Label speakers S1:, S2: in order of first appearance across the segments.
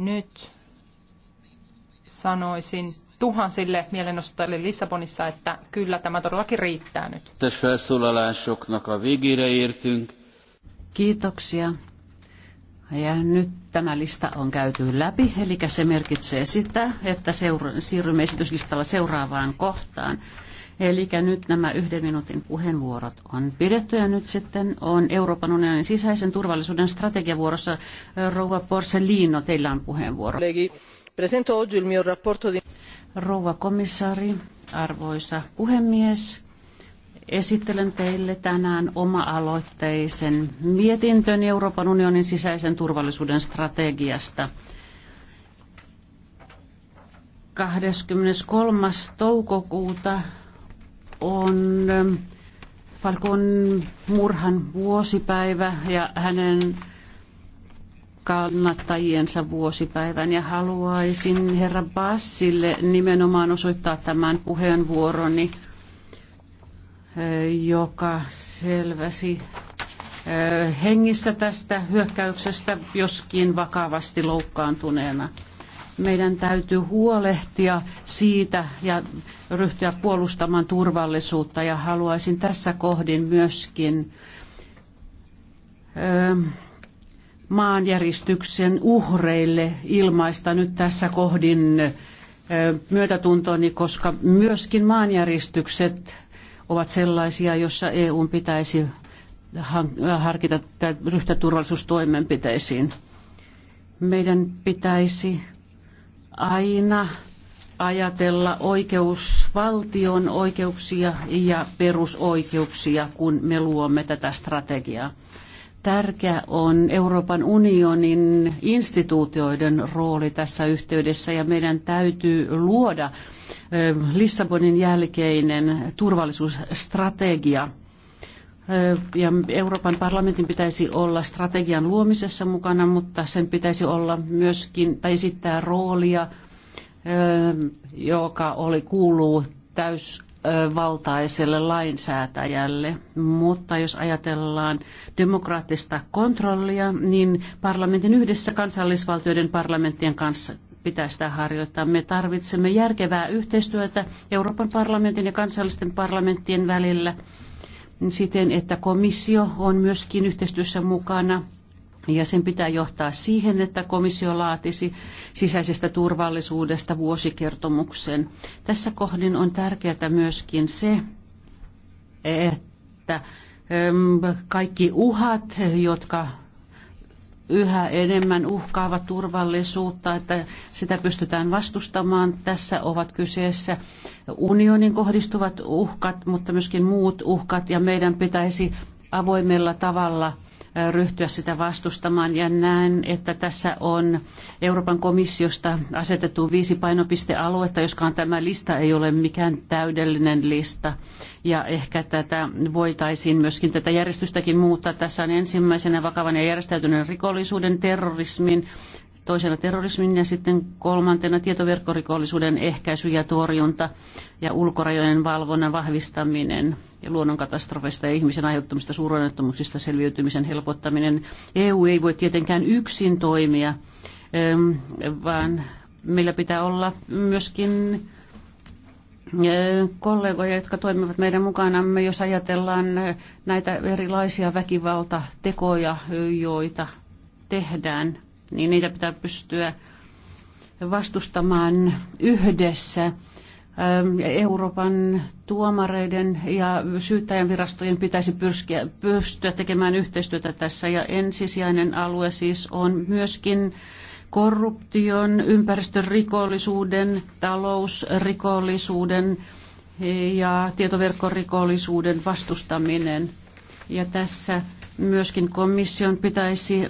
S1: Nyt sanoisin tuhansille mielenosoittajille Lissabonissa, että kyllä tämä todellakin riittää nyt.
S2: Kiitoksia. Ja nyt tämä lista on käyty läpi, eli se merkitsee sitä, että seura- siirrymme esityslistalla seuraavaan kohtaan. Eli nyt nämä yhden minuutin puheenvuorot on pidetty ja nyt sitten on Euroopan unionin sisäisen turvallisuuden strategiavuorossa eh, Rouva Porcelino, teillä on puheenvuoro. Rouva komissaari, arvoisa puhemies, esittelen teille tänään oma-aloitteisen mietintön Euroopan unionin sisäisen turvallisuuden strategiasta. 23. toukokuuta on Falkon murhan vuosipäivä ja hänen kannattajiensa vuosipäivän ja haluaisin herra Bassille nimenomaan osoittaa tämän puheenvuoroni, eh, joka selväsi eh, hengissä tästä hyökkäyksestä, joskin vakavasti loukkaantuneena meidän täytyy huolehtia siitä ja ryhtyä puolustamaan turvallisuutta. Ja haluaisin tässä kohdin myöskin maanjäristyksen uhreille ilmaista nyt tässä kohdin myötätuntoni, koska myöskin maanjäristykset ovat sellaisia, joissa EUn pitäisi harkita ryhtyä turvallisuustoimenpiteisiin. Meidän pitäisi aina ajatella oikeusvaltion oikeuksia ja perusoikeuksia, kun me luomme tätä strategiaa. Tärkeä on Euroopan unionin instituutioiden rooli tässä yhteydessä ja meidän täytyy luoda Lissabonin jälkeinen turvallisuusstrategia – ja Euroopan parlamentin pitäisi olla strategian luomisessa mukana, mutta sen pitäisi olla myöskin tai esittää roolia, joka oli, kuuluu täysvaltaiselle lainsäätäjälle. Mutta jos ajatellaan demokraattista kontrollia, niin parlamentin yhdessä kansallisvaltioiden parlamenttien kanssa pitää sitä harjoittaa. Me tarvitsemme järkevää yhteistyötä Euroopan parlamentin ja kansallisten parlamenttien välillä – siten, että komissio on myöskin yhteistyössä mukana ja sen pitää johtaa siihen, että komissio laatisi sisäisestä turvallisuudesta vuosikertomuksen. Tässä kohdin on tärkeää myöskin se, että kaikki uhat, jotka yhä enemmän uhkaavat turvallisuutta, että sitä pystytään vastustamaan. Tässä ovat kyseessä unionin kohdistuvat uhkat, mutta myöskin muut uhkat, ja meidän pitäisi avoimella tavalla – ryhtyä sitä vastustamaan. Ja näen, että tässä on Euroopan komissiosta asetettu viisi painopistealuetta, joskaan tämä lista ei ole mikään täydellinen lista. Ja ehkä tätä voitaisiin myöskin tätä järjestystäkin muuttaa. Tässä on ensimmäisenä vakavan ja järjestäytyneen rikollisuuden, terrorismin, toisena terrorismin ja sitten kolmantena tietoverkkorikollisuuden ehkäisy ja torjunta ja ulkorajojen valvonnan vahvistaminen ja luonnonkatastrofeista ja ihmisen aiheuttamista suuronnettomuuksista selviytymisen helpottaminen. EU ei voi tietenkään yksin toimia, ehm, vaan meillä pitää olla myöskin ehm, kollegoja, jotka toimivat meidän mukanamme, jos ajatellaan näitä erilaisia väkivaltatekoja, joita tehdään niin niitä pitää pystyä vastustamaan yhdessä. Ähm, Euroopan tuomareiden ja syyttäjän virastojen pitäisi pyrskiä, pystyä tekemään yhteistyötä tässä. Ja ensisijainen alue siis on myöskin korruption, ympäristörikollisuuden, talousrikollisuuden ja tietoverkkorikollisuuden vastustaminen. Ja tässä myöskin komission pitäisi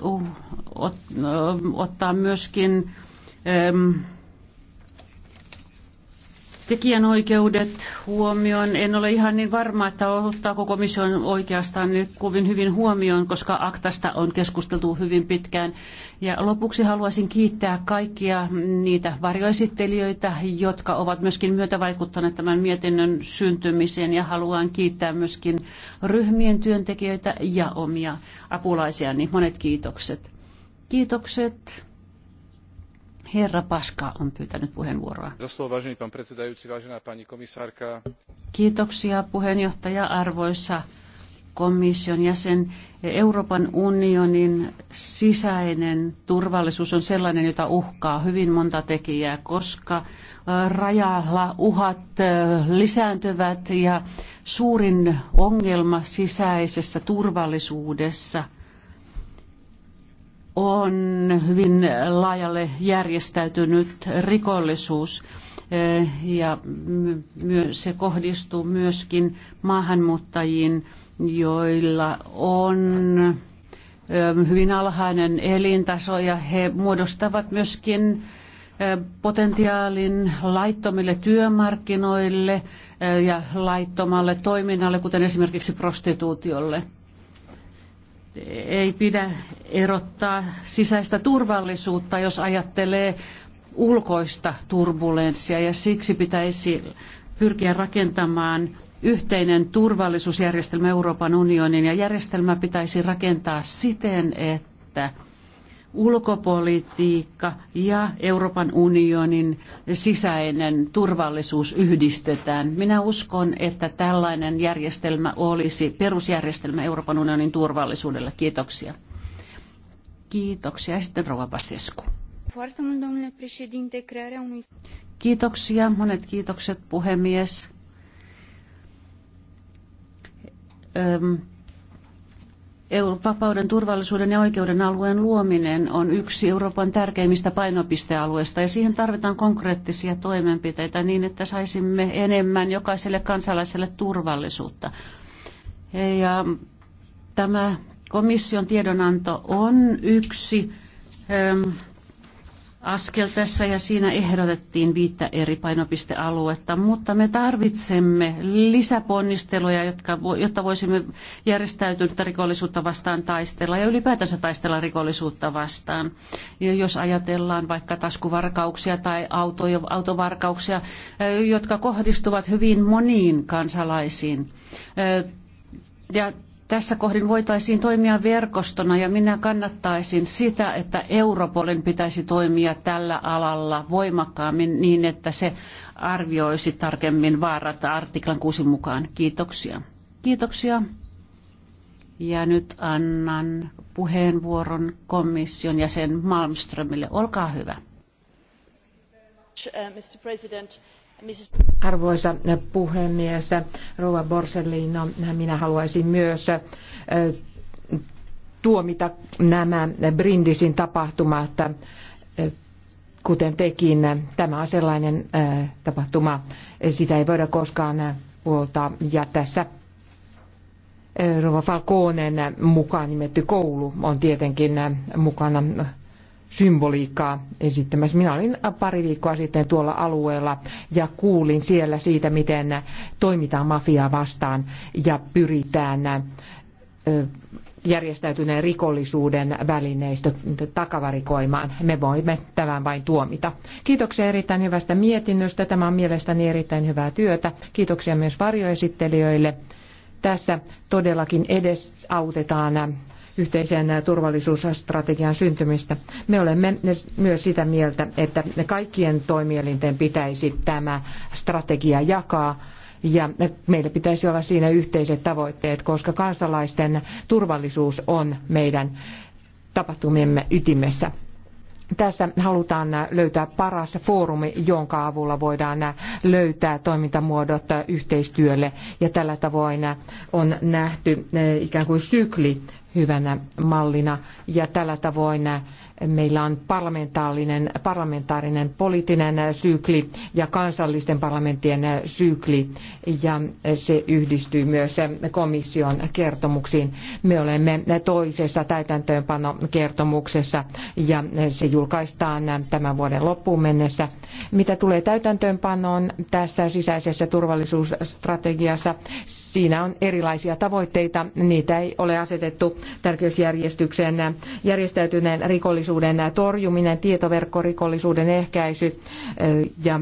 S2: ottaa myöskin tekijänoikeudet huomioon. En ole ihan niin varma, että ottaako komission oikeastaan nyt kovin hyvin huomioon, koska aktasta on keskusteltu hyvin pitkään. Ja lopuksi haluaisin kiittää kaikkia niitä varjoesittelijöitä, jotka ovat myöskin myötävaikuttaneet tämän mietinnön syntymiseen. Ja haluan kiittää myöskin ryhmien työntekijöitä ja omia apulaisiani. Monet kiitokset. Kiitokset. Herra Paska on pyytänyt puheenvuoroa. Kiitoksia puheenjohtaja arvoisa komission jäsen. Euroopan unionin sisäinen turvallisuus on sellainen, jota uhkaa hyvin monta tekijää, koska rajalla uhat lisääntyvät ja suurin ongelma sisäisessä turvallisuudessa – on hyvin laajalle järjestäytynyt rikollisuus eh, ja se kohdistuu myöskin maahanmuuttajiin, joilla on eh, hyvin alhainen elintaso ja he muodostavat myöskin eh, potentiaalin laittomille työmarkkinoille ja laittomalle toiminnalle, kuten esimerkiksi prostituutiolle ei pidä erottaa sisäistä turvallisuutta, jos ajattelee ulkoista turbulenssia ja siksi pitäisi pyrkiä rakentamaan yhteinen turvallisuusjärjestelmä Euroopan unionin ja järjestelmä pitäisi rakentaa siten, että ulkopolitiikka ja Euroopan unionin sisäinen turvallisuus yhdistetään. Minä uskon, että tällainen järjestelmä olisi perusjärjestelmä Euroopan unionin turvallisuudelle. Kiitoksia. Kiitoksia. Ja sitten rouva Basescu. Kiitoksia. Monet kiitokset puhemies. Öm Vapauden, turvallisuuden ja oikeuden alueen luominen on yksi Euroopan tärkeimmistä painopistealueista ja siihen tarvitaan konkreettisia toimenpiteitä niin, että saisimme enemmän jokaiselle kansalaiselle turvallisuutta. Ja tämä komission tiedonanto on yksi ähm, askel tässä ja siinä ehdotettiin viittä eri painopistealuetta, mutta me tarvitsemme lisäponnisteluja, jotka, jotta voisimme järjestäytynyttä rikollisuutta vastaan taistella ja ylipäätänsä taistella rikollisuutta vastaan. Ja jos ajatellaan vaikka taskuvarkauksia tai auto, autovarkauksia, eh, jotka kohdistuvat hyvin moniin kansalaisiin. Eh, ja tässä kohdin voitaisiin toimia verkostona ja minä kannattaisin sitä, että Europolin pitäisi toimia tällä alalla voimakkaammin niin, että se arvioisi tarkemmin vaarat artiklan 6 mukaan. Kiitoksia. Kiitoksia. Ja nyt annan puheenvuoron komission jäsen
S1: Malmströmille. Olkaa hyvä.
S2: Uh, Mr. President,
S1: Arvoisa puhemies, Rouva Borsellino, minä haluaisin myös tuomita nämä Brindisin tapahtumat, kuten tekin. Tämä on sellainen tapahtuma, sitä ei voida koskaan puoltaa. Ja tässä Rova Falconen mukaan nimetty koulu on tietenkin mukana symboliikkaa esittämässä. Minä olin pari viikkoa sitten tuolla alueella ja kuulin siellä siitä, miten toimitaan mafiaa vastaan ja pyritään järjestäytyneen rikollisuuden välineistö takavarikoimaan. Me voimme tämän vain tuomita. Kiitoksia erittäin hyvästä mietinnöstä. Tämä on mielestäni erittäin hyvää työtä. Kiitoksia myös varjoesittelijöille. Tässä todellakin edesautetaan yhteisen turvallisuusstrategian syntymistä. Me olemme myös sitä mieltä, että kaikkien toimielinten pitäisi tämä strategia jakaa ja meillä pitäisi olla siinä yhteiset tavoitteet, koska kansalaisten turvallisuus on meidän tapahtumiemme ytimessä. Tässä halutaan löytää paras foorumi, jonka avulla voidaan löytää toimintamuodot yhteistyölle. Ja tällä tavoin on nähty ikään kuin sykli hyvänä mallina ja tällä tavoin meillä on parlamentaarinen, parlamentaarinen poliittinen sykli ja kansallisten parlamenttien sykli ja se yhdistyy myös komission kertomuksiin. Me olemme toisessa täytäntöönpanokertomuksessa ja se julkaistaan tämän vuoden loppuun mennessä. Mitä tulee täytäntöönpanoon tässä sisäisessä turvallisuusstrategiassa, siinä on erilaisia tavoitteita, niitä ei ole asetettu tärkeysjärjestyksen järjestäytyneen rikollisuuden torjuminen, tietoverkkorikollisuuden ehkäisy eh, ja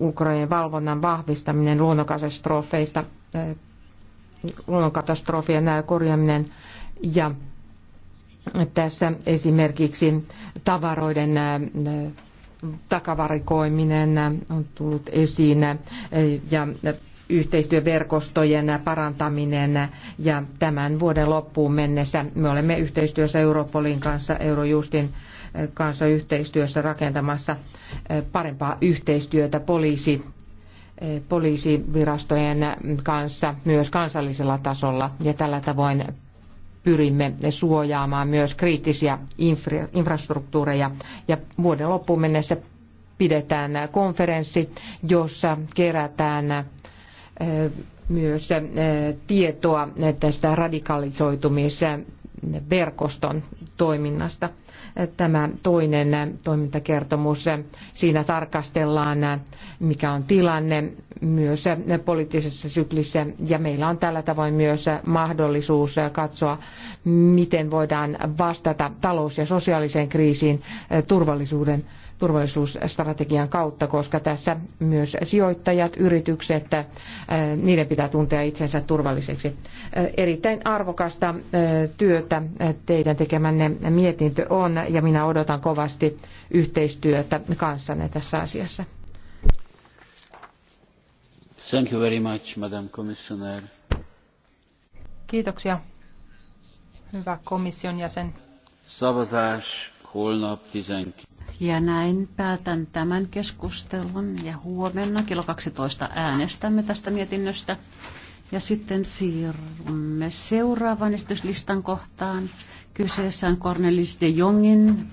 S1: ulkorajojen valvonnan vahvistaminen luonnonkatastrofeista, eh, luonnonkatastrofien eh, korjaaminen ja tässä esimerkiksi tavaroiden takavarikoiminen on tullut esiin ja yhteistyöverkostojen parantaminen ja tämän vuoden loppuun mennessä me olemme yhteistyössä Europolin kanssa, Eurojustin eh, kanssa yhteistyössä rakentamassa eh, parempaa yhteistyötä poliisi, eh, poliisivirastojen kanssa myös kansallisella tasolla ja tällä tavoin pyrimme suojaamaan myös kriittisiä infra- infrastruktuureja ja vuoden loppuun mennessä pidetään konferenssi, jossa kerätään myös tietoa tästä radikalisoitumisverkoston toiminnasta tämä toinen toimintakertomus. Siinä tarkastellaan, mikä on tilanne myös poliittisessa syklissä ja meillä on tällä tavoin myös mahdollisuus katsoa, miten voidaan vastata talous- ja sosiaaliseen kriisiin turvallisuuden turvallisuusstrategian kautta, koska tässä myös sijoittajat, yritykset, niiden pitää tuntea itsensä turvalliseksi. Erittäin arvokasta työtä teidän tekemänne mietintö on ja minä odotan kovasti yhteistyötä kanssanne tässä asiassa.
S2: Thank you very much, Madam Commissioner.
S1: Kiitoksia, hyvä komission jäsen.
S2: Savazás holnap Ja näin päätän tämän keskustelun ja huomenna kello 12 äänestämme tästä mietinnöstä. Ja sitten siirrymme seuraavaan esityslistan kohtaan. Kyseessä on Cornelis de Jongin